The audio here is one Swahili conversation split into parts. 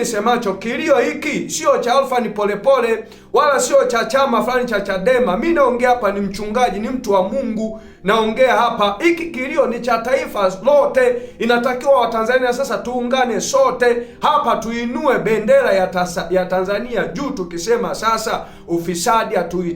nisemacho, kilio hiki sio cha Alfa ni Polepole wala sio cha chama fulani cha Chadema. Mi naongea hapa, ni mchungaji, ni mtu wa Mungu, naongea hapa. Hiki kilio ni cha taifa lote, inatakiwa Watanzania sasa tuungane sote hapa, tuinue bendera ya, tasa, ya Tanzania juu, tukisema sasa ufisadi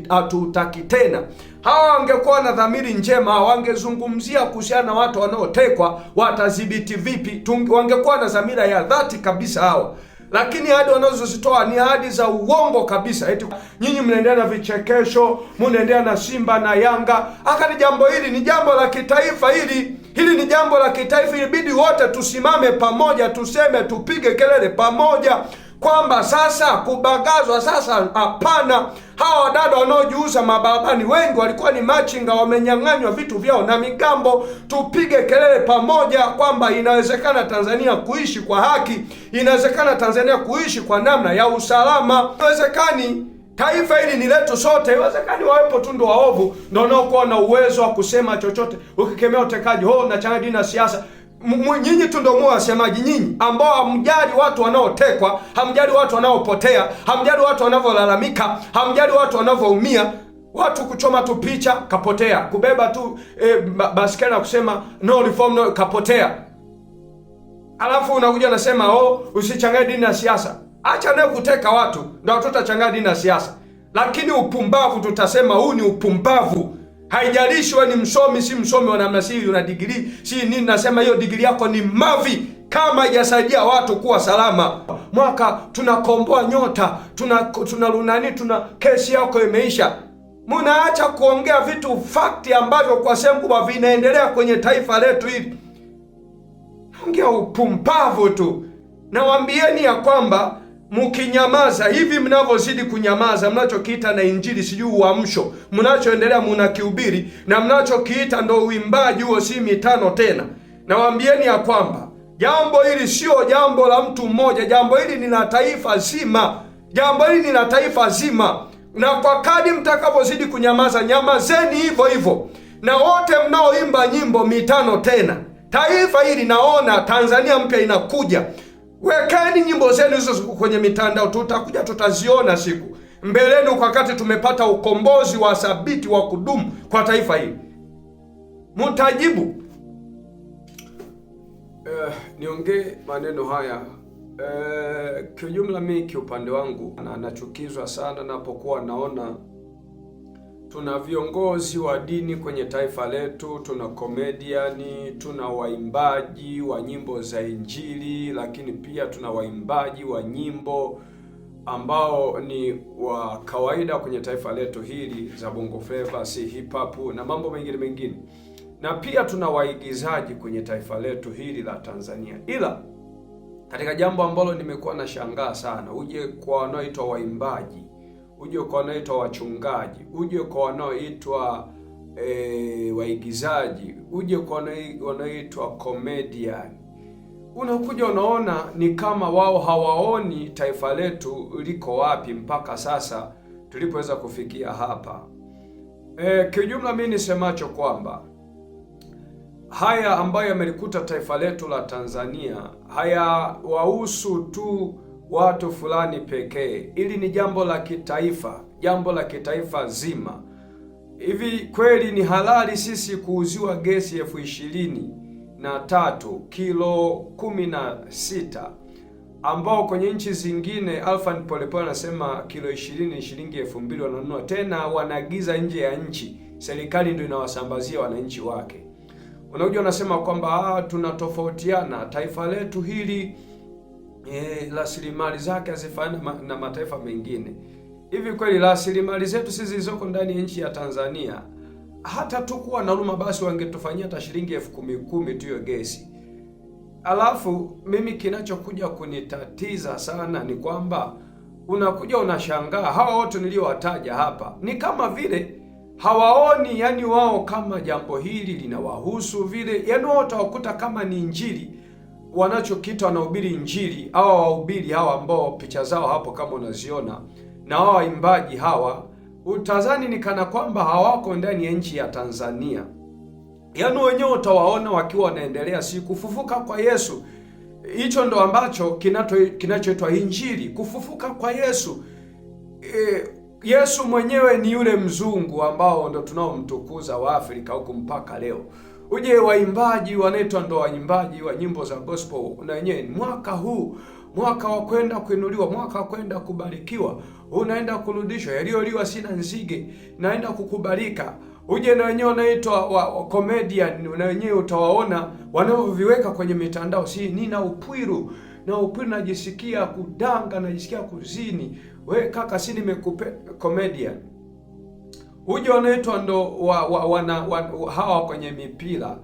hatutaki tena. Hawa wangekuwa na dhamiri njema, wangezungumzia kuhusiana na watu wanaotekwa, watadhibiti vipi? Wangekuwa na dhamira ya dhati kabisa hawa lakini ahadi wanazozitoa ni ahadi za uongo kabisa, eti nyinyi mnaendelea na vichekesho, mnaendelea na Simba na Yanga. Akani jambo hili ni jambo la kitaifa, hili hili ni jambo la kitaifa, ilibidi wote tusimame pamoja, tuseme, tupige kelele pamoja kwamba sasa kubagazwa sasa, hapana. Hawa wadada wanaojiuza mabarabani wengi walikuwa ni machinga, wamenyang'anywa vitu vyao na migambo. Tupige kelele pamoja kwamba inawezekana Tanzania kuishi kwa haki, inawezekana Tanzania kuishi kwa namna ya usalama. Inawezekani taifa hili ni letu sote. Iwezekani wawepo tu ndo waovu ndo wanaokuwa na uwezo wa kusema chochote. Ukikemea utekaji, ho oh, unachanganya dini na siasa nyinyi tu ndio mwa wasemaji, nyinyi ambao hamjali watu wanaotekwa, hamjali watu wanaopotea, hamjali watu wanavyolalamika, hamjali watu wanavyoumia watu kuchoma tu picha kapotea, kubeba tu e, basikeli na kusema no reform no, kapotea. Alafu unakuja unasema oh, usichanganye dini na siasa. Acha nayo kuteka watu, ndio tutachanganya dini na siasa, lakini upumbavu tutasema huu ni upumbavu. Haijalishi wewe ni msomi si msomi wa namna hii, una degree si nini, nasema hiyo degree yako ni mavi kama haijasaidia watu kuwa salama. Mwaka tunakomboa nyota, tuna tuna lunani, tuna kesi yako imeisha. Mnaacha kuongea vitu fakti ambavyo kwa sehemu kubwa vinaendelea kwenye taifa letu hili. Ongea upumbavu tu. Nawaambieni ya kwamba mkinyamaza hivi mnavyozidi kunyamaza, mnachokiita na injili sijui uamsho, mnachoendelea munakihubiri na mnachokiita ndo uimbaji, huo si mitano tena. Nawaambieni ya kwamba jambo hili sio jambo la mtu mmoja, jambo hili ni la taifa zima, jambo hili ni la taifa zima. Na kwa kadi mtakavyozidi kunyamaza, nyamazeni hivyo hivyo, na wote mnaoimba nyimbo mitano tena. Taifa hili naona Tanzania mpya inakuja. Wekeni nyimbo zenu hizo kwenye mitandao, tutakuja tutaziona siku mbeleni, wakati tumepata ukombozi wa thabiti wa kudumu kwa taifa hili mtajibu. eh, niongee maneno haya uh, kiujumla, mimi kiupande wangu nachukizwa sana napokuwa naona tuna viongozi wa dini kwenye taifa letu, tuna komediani, tuna waimbaji wa nyimbo za Injili, lakini pia tuna waimbaji wa nyimbo ambao ni wa kawaida kwenye taifa letu hili za bongo flava, si hip hop na mambo mengine mengine, na pia tuna waigizaji kwenye taifa letu hili la Tanzania. Ila katika jambo ambalo nimekuwa nashangaa sana, uje kwa wanaoitwa waimbaji uje kwa wanaoitwa wachungaji, uje kwa wanaoitwa e, waigizaji, uje kwa wanaoitwa comedian. Unakuja unaona ni kama wao hawaoni taifa letu liko wapi mpaka sasa tulipoweza kufikia hapa. E, kiujumla mimi nisemacho kwamba haya ambayo yamelikuta taifa letu la Tanzania hayawahusu tu watu fulani pekee. Ili ni jambo la kitaifa, jambo la kitaifa zima. Hivi kweli ni halali sisi kuuziwa gesi elfu ishirini na tatu kilo kumi na sita ambao kwenye nchi zingine Alfan Polepole anasema kilo ishirini shilingi elfu mbili wananunua tena, wanaagiza nje ya nchi, serikali ndio inawasambazia wananchi wake. Unakuja unasema kwamba ah, tunatofautiana, taifa letu hili E, rasilimali e, zake hazifanani na mataifa mengine. Hivi kweli rasilimali zetu sisi zilizoko ndani ya nchi ya Tanzania hata tukuwa na Ruma basi wangetufanyia hata shilingi elfu kumi kumi tu hiyo gesi. Alafu mimi kinachokuja kunitatiza sana ni kwamba unakuja unashangaa, hawa wote niliowataja hapa ni kama vile hawaoni, yani wao kama jambo hili linawahusu vile, yani wao utawakuta kama ni Injili wanachokita wanahubiri Injili, hawa wahubiri hawa ambao picha zao hapo kama unaziona na hawa waimbaji hawa, utazani ni kana kwamba hawako ndani ya nchi ya Tanzania. Yaani wenyewe utawaona wakiwa wanaendelea si kufufuka kwa Yesu. Hicho ndo ambacho kinachoitwa Injili, kufufuka kwa Yesu. E, Yesu mwenyewe ni yule mzungu ambao ndo tunaomtukuza afrika huku mpaka leo. Uje waimbaji wanaitwa ndo waimbaji wa nyimbo za gospel, na wenyewe mwaka huu, mwaka wa kwenda kuinuliwa, mwaka wa kwenda kubarikiwa, unaenda kurudishwa, yaliyoliwa sina nzige, naenda kukubalika. Uje na wenyewe wanaitwa wa comedian, na wenyewe utawaona wanaoviweka kwenye mitandao, si ni na upwiru na upwiru, najisikia kudanga, najisikia kuzini. We kaka, si nimekupe comedian huja wanaitwa ndo wa, wa, wa, wa, hawa kwenye mipira.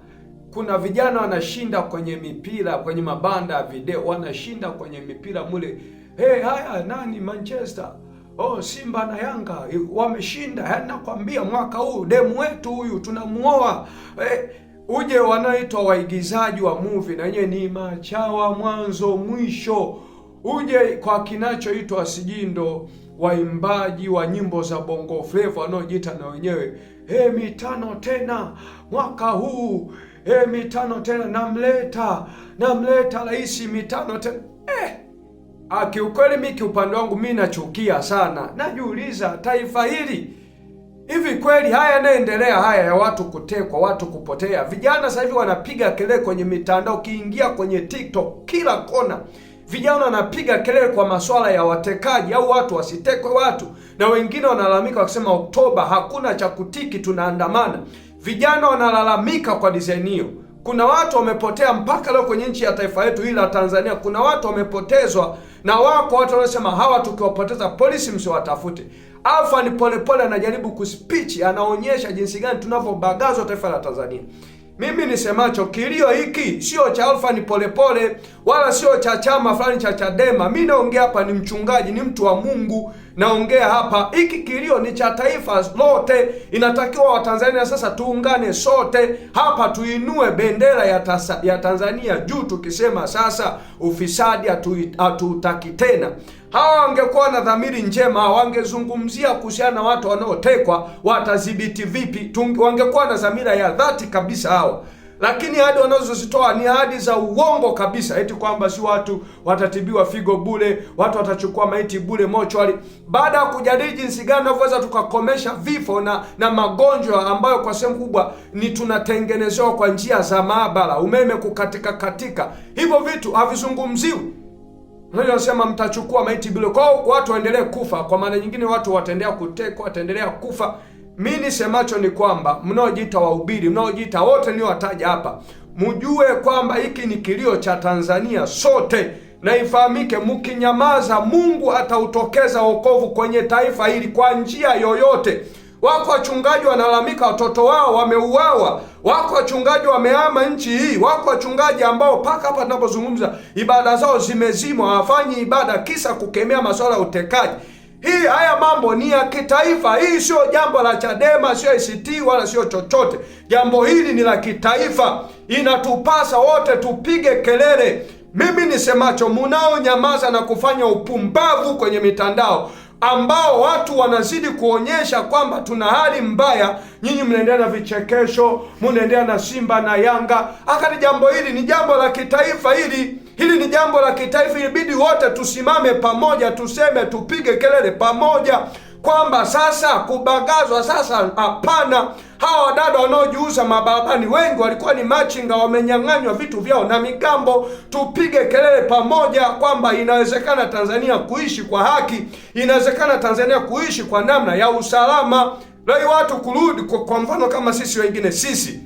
Kuna vijana wanashinda kwenye mipira, kwenye mabanda ya video wanashinda kwenye mipira mule. Hey, haya nani Manchester Oh, Simba na Yanga wameshinda. Yaani nakwambia mwaka huu demu wetu huyu tunamuoa. Eh, uje wanaitwa waigizaji wa movie na yeye ni machawa mwanzo mwisho. Uje kwa kinachoitwa sijindo waimbaji wa nyimbo za bongo fleva wanaojiita na wenyewe e, mitano tena mwaka huu e, mitano tena namleta namleta rais mitano tena eh. Akiukweli mi kiupande wangu mi nachukia sana, najiuliza taifa hili hivi kweli haya yanaendelea haya ya watu kutekwa, watu kupotea. Vijana sasa hivi wanapiga kelele kwenye mitandao, kiingia kwenye TikTok kila kona vijana wanapiga kelele kwa masuala ya watekaji au watu wasitekwe watu, na wengine wanalalamika wakisema, Oktoba hakuna cha kutiki, tunaandamana. Vijana wanalalamika kwa dizaini hiyo. Kuna watu wamepotea mpaka leo kwenye nchi ya taifa letu hili la Tanzania. Kuna watu wamepotezwa, na wako watu wanaosema hawa tukiwapoteza polisi msiwatafute. Alfa ni Polepole anajaribu kuspichi, anaonyesha jinsi gani tunavyobagazwa taifa la Tanzania. Mimi nisemacho kilio hiki sio cha Alfani Polepole wala sio cha chama fulani cha Chadema. Mimi naongea hapa ni mchungaji, ni mtu wa Mungu, naongea hapa, hiki kilio ni cha taifa lote. Inatakiwa Watanzania sasa tuungane sote hapa, tuinue bendera ya, tasa, ya Tanzania juu, tukisema sasa ufisadi hatuutaki tena. Hawa wangekuwa na dhamiri njema, wangezungumzia kuhusiana na watu wanaotekwa, watadhibiti vipi? Wangekuwa na dhamira ya dhati kabisa hawa lakini ahadi wanazozitoa ni ahadi za uongo kabisa, eti kwamba si watu watatibiwa figo bure, watu watachukua maiti bure mochwali. Baada ya kujadili jinsi gani tunavyoweza tukakomesha vifo na na magonjwa ambayo kwa sehemu kubwa ni tunatengenezewa kwa njia za maabara, umeme kukatika katika, hivyo vitu havizungumziwi. Nasema mtachukua maiti bure, kwa watu waendelee kufa. Kwa maana nyingine, watu wataendelea kutekwa, wataendelea kufa mi nisemacho ni kwamba mnaojiita wahubiri, mnaojiita wote wataja hapa, mjue kwamba hiki ni kilio cha Tanzania sote, na ifahamike, mkinyamaza, Mungu atautokeza wokovu kwenye taifa hili kwa njia yoyote. Wako wachungaji wanalalamika watoto wao wameuawa, wako wachungaji wamehama nchi hii, wako wachungaji ambao mpaka hapa tunapozungumza ibada zao zimezimwa, hawafanyi ibada, kisa kukemea masuala ya utekaji. Hii haya mambo ni ya kitaifa. Hii sio jambo la Chadema, sio ACT wala sio chochote. Jambo hili ni la kitaifa, inatupasa wote tupige kelele. Mimi nisemacho, munao nyamaza na kufanya upumbavu kwenye mitandao ambao watu wanazidi kuonyesha kwamba tuna hali mbaya, nyinyi mnaendelea na vichekesho, mnaendelea na Simba na Yanga. Akati jambo hili ni jambo la kitaifa, hili hili ni jambo la kitaifa, ilibidi wote tusimame pamoja, tuseme, tupige kelele pamoja kwamba sasa kubagazwa sasa, hapana. Hawa wadada wanaojiuza mabarabani wengi walikuwa ni machinga, wamenyang'anywa vitu vyao na migambo. Tupige kelele pamoja kwamba inawezekana Tanzania kuishi kwa haki, inawezekana Tanzania kuishi kwa namna ya usalama. Lei watu kurudi kwa, kwa mfano kama sisi wengine, sisi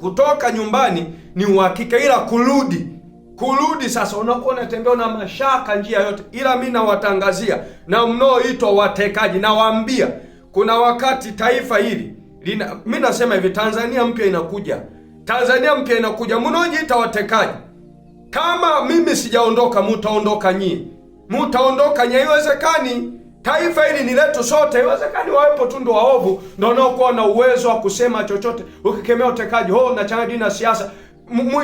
kutoka nyumbani ni uhakika, ila kurudi kurudi sasa, unakuwa unatembea na mashaka njia yote, ila mi nawatangazia na mnaoitwa watekaji, nawaambia kuna wakati taifa hili lina, mi nasema hivi, Tanzania mpya inakuja, Tanzania mpya inakuja. Mnaojiita watekaji, kama mimi sijaondoka, mutaondoka nyie, mutaondoka nyie, haiwezekani. Taifa hili ni letu sote, haiwezekani wawepo tu ndo waovu ndo wanaokuwa na uwezo wa kusema chochote. Ukikemea utekaji, ho oh, nachanganya dini na siasa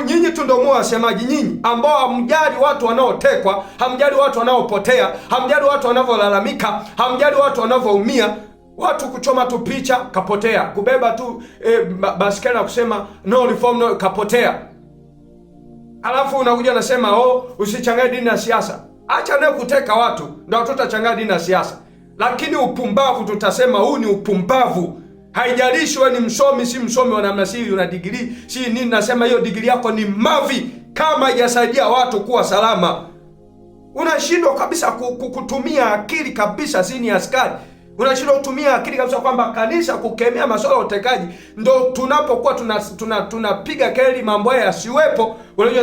nyinyi tu ndio mwa wasemaji, nyinyi ambao hamjali watu wanaotekwa, hamjali watu wanaopotea, hamjali watu wanavyolalamika, hamjali watu wanavyoumia, watu kuchoma tu picha kapotea, kubeba tu e, basikeli na kusema no reform, no kapotea. Alafu unakuja unasema oh, usichanganye dini na siasa. Acha naye kuteka watu, ndio tutachanganya dini na siasa, lakini upumbavu tutasema huu ni upumbavu. Haijalishi wewe ni msomi si msomi wa namna hii, una degree si nini, nasema hiyo degree yako ni mavi kama haijasaidia watu kuwa salama. Unashindwa kabisa kutumia akili kabisa, si ni askari unashindwa kutumia akili kabisa, kwamba kanisa kukemea masuala ya utekaji ndo tunapokuwa tunapiga tuna, tuna keli mambo hayo yasiwepo,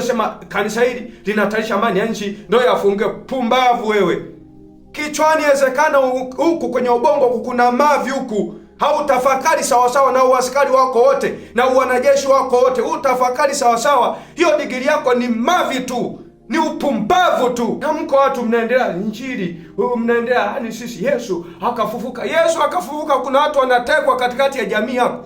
sema kanisa hili linatarisha amani ya nchi, ndo yafunge. Pumbavu wewe! Kichwani wezekana huku kwenye ubongo kuna mavi huku hautafakari sawasawa na uaskari wako wote na uwanajeshi wako wote, hutafakari sawasawa, hiyo digiri yako ni mavi tu, ni upumbavu tu. Na mko watu mnaendelea Injili, mnaendelea yani sisi Yesu akafufuka, Yesu akafufuka. Kuna watu wanatekwa katikati ya jamii yako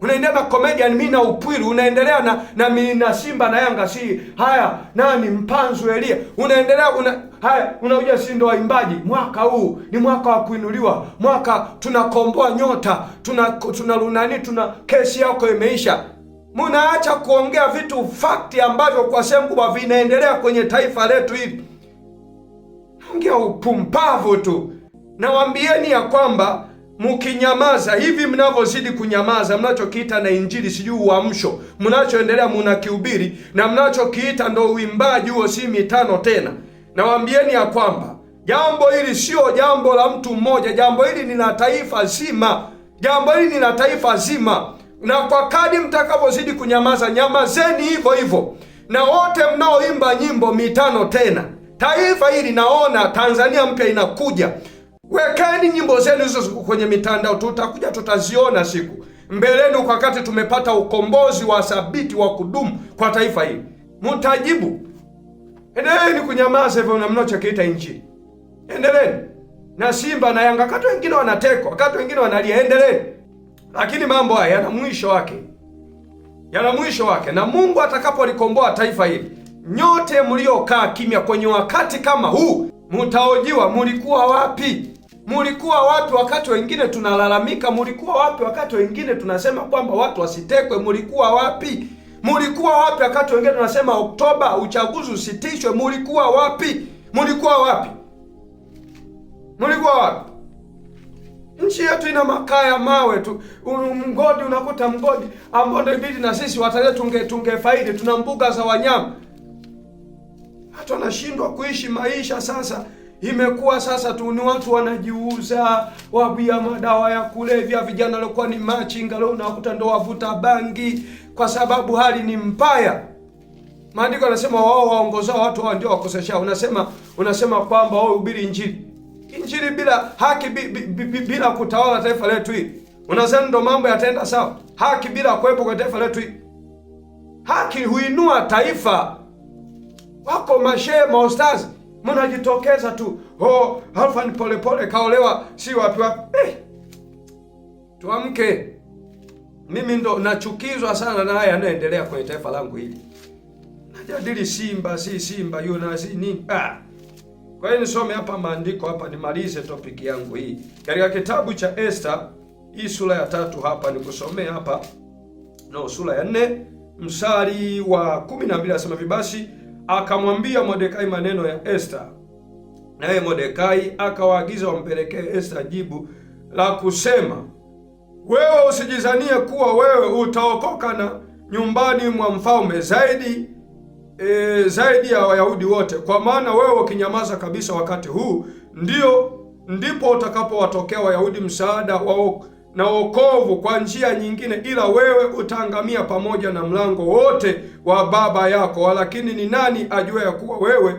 unaendelea na comedian mimi na upwili unaendelea na na, na Simba na Yanga si haya nani mpanzu Elia unaendelea una Haya, unaujua si ndo waimbaji, mwaka huu ni mwaka wa kuinuliwa, mwaka tunakomboa nyota, tuna tunalunani, tuna kesi yako imeisha. Mnaacha kuongea vitu fakti ambavyo kwa sehemu kubwa vinaendelea kwenye taifa letu hili, ongea upumbavu tu. nawambieni ya kwamba mkinyamaza hivi mnavyozidi kunyamaza, mnachokiita na injili sijui uamsho, mnachoendelea mnakihubiri na mnachokiita ndo uimbaji huo, si mitano tena Nawaambieni ya kwamba jambo hili sio jambo la mtu mmoja, jambo hili ni la taifa zima, jambo hili ni la taifa zima. Na kwa kadi mtakavyozidi kunyamaza, nyamazeni hivyo hivyo, na wote mnaoimba nyimbo mitano tena, taifa hili naona Tanzania mpya inakuja. Wekeni nyimbo zenu hizo kwenye mitandao, tutakuja tutaziona siku mbeleni, kati tumepata ukombozi wa thabiti wa kudumu kwa taifa hili, mtajibu. Endeleeni kunyamaza hivyo na mnachokiita Injili. Endeleeni. Na Simba na Yanga kato wengine wanatekwa, wakati wengine wanalia, endeleeni. Lakini mambo haya yana mwisho wake. Yana mwisho wake na Mungu atakapolikomboa taifa hili, nyote mliokaa kimya kwenye wakati kama huu, mtaojiwa mulikuwa wapi? Mulikuwa wapi wakati wengine tunalalamika? Mulikuwa wapi wakati wengine tunasema kwamba watu wasitekwe? Mulikuwa wapi? mulikuwa wapi wakati wengine tunasema Oktoba uchaguzi usitishwe? Mulikuwa wapi? Mulikuwa wapi? Mulikuwa wapi? Nchi yetu ina makaa ya mawe tu, mgodi unakuta mgodi ambao ndio ibidi na sisi watalii tunge tungefaidi. Tuna mbuga za wanyama, hata wanashindwa kuishi maisha sasa Imekuwa sasa tu ni watu wanajiuza, wabia madawa ya kulevya, vijana walikuwa ni machinga, leo unakuta ndo wavuta bangi, kwa sababu hali ni mbaya. Maandiko yanasema wao waongozao watu hao ndio wakosesha. Unasema unasema kwamba wao hubiri injili, injili bila haki, bi, bi, bi, bi, bila kutawala taifa letu hili, unasema ndo mambo yataenda sawa? Haki bila kuwepo kwa taifa letu hili, haki huinua taifa. Wako mashehe, maostazi mnajitokeza tu oh, Alfani Polepole kaolewa si wapi wapi eh. Tuamke. Mimi ndo nachukizwa sana na haya yanayoendelea kwenye taifa langu hili. Najadili Simba si Simba yule na si nini. Ah. Kwa hiyo nisome hapa maandiko hapa nimalize topiki yangu hii. Katika kitabu cha Esther hii sura ya tatu hapa nikusomea hapa. No, sura ya nne msari wa 12 anasema vibasi akamwambia Mordekai maneno ya Esta, naye Mordekai akawaagiza wampelekee Esta jibu la kusema, wewe usijizanie kuwa wewe utaokoka na nyumbani mwa mfalme zaidi e, zaidi ya Wayahudi wote, kwa maana wewe ukinyamaza kabisa wakati huu ndio ndipo utakapowatokea Wayahudi msaada wao na wokovu kwa njia nyingine, ila wewe utaangamia pamoja na mlango wote wa baba yako. lakini ni nani ajua ya kuwa wewe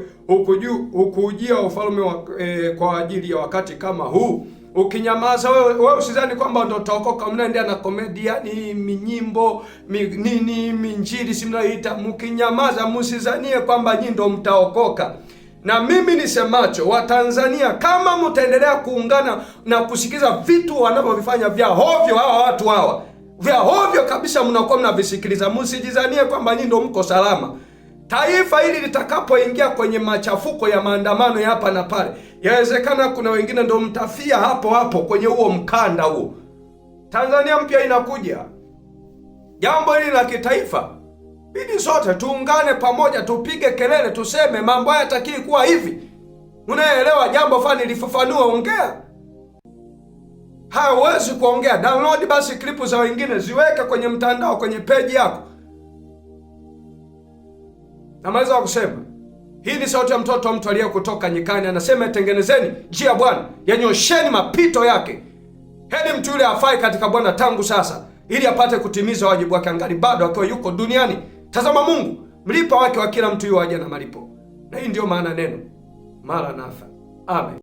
hukujia ufalme wa, e, kwa ajili ya wakati kama huu? Ukinyamaza wewe, we usizani kwamba ndo utaokoka. Mnaendea na ni yaani minyimbo mi, nini minjili simnaita, mkinyamaza msizanie kwamba nyi ndo mtaokoka na mimi nisemacho, Watanzania, kama mtaendelea kuungana na kusikiza vitu wanavyovifanya vya hovyo hawa watu hawa vya hovyo kabisa, mnakuwa mnavisikiliza, msijizanie kwamba nyinyi ndio mko salama. Taifa hili litakapoingia kwenye machafuko ya maandamano ya hapa na pale, yawezekana kuna wengine ndio mtafia hapo hapo kwenye huo mkanda huo. Tanzania mpya inakuja, jambo hili la kitaifa Bidi sote tuungane pamoja, tupige kelele, tuseme mambo haya yatakii kuwa hivi. Unaelewa jambo fani lifafanua, ongea hawezi kuongea. Download basi klipu za wengine, ziweke kwenye mtandao, kwenye peji yako. Namaliza wa kusema hii ni sauti ya mtoto wa mtu aliye kutoka nyikani, anasema tengenezeni njia ya Bwana, yanyosheni mapito yake. Heri mtu yule afai katika Bwana tangu sasa, ili apate kutimiza wajibu wake angali bado akiwa yuko duniani. Tazama, Mungu mlipa wake wa kila mtu waja na malipo, na hii ndiyo maana neno mara nafa. Amen.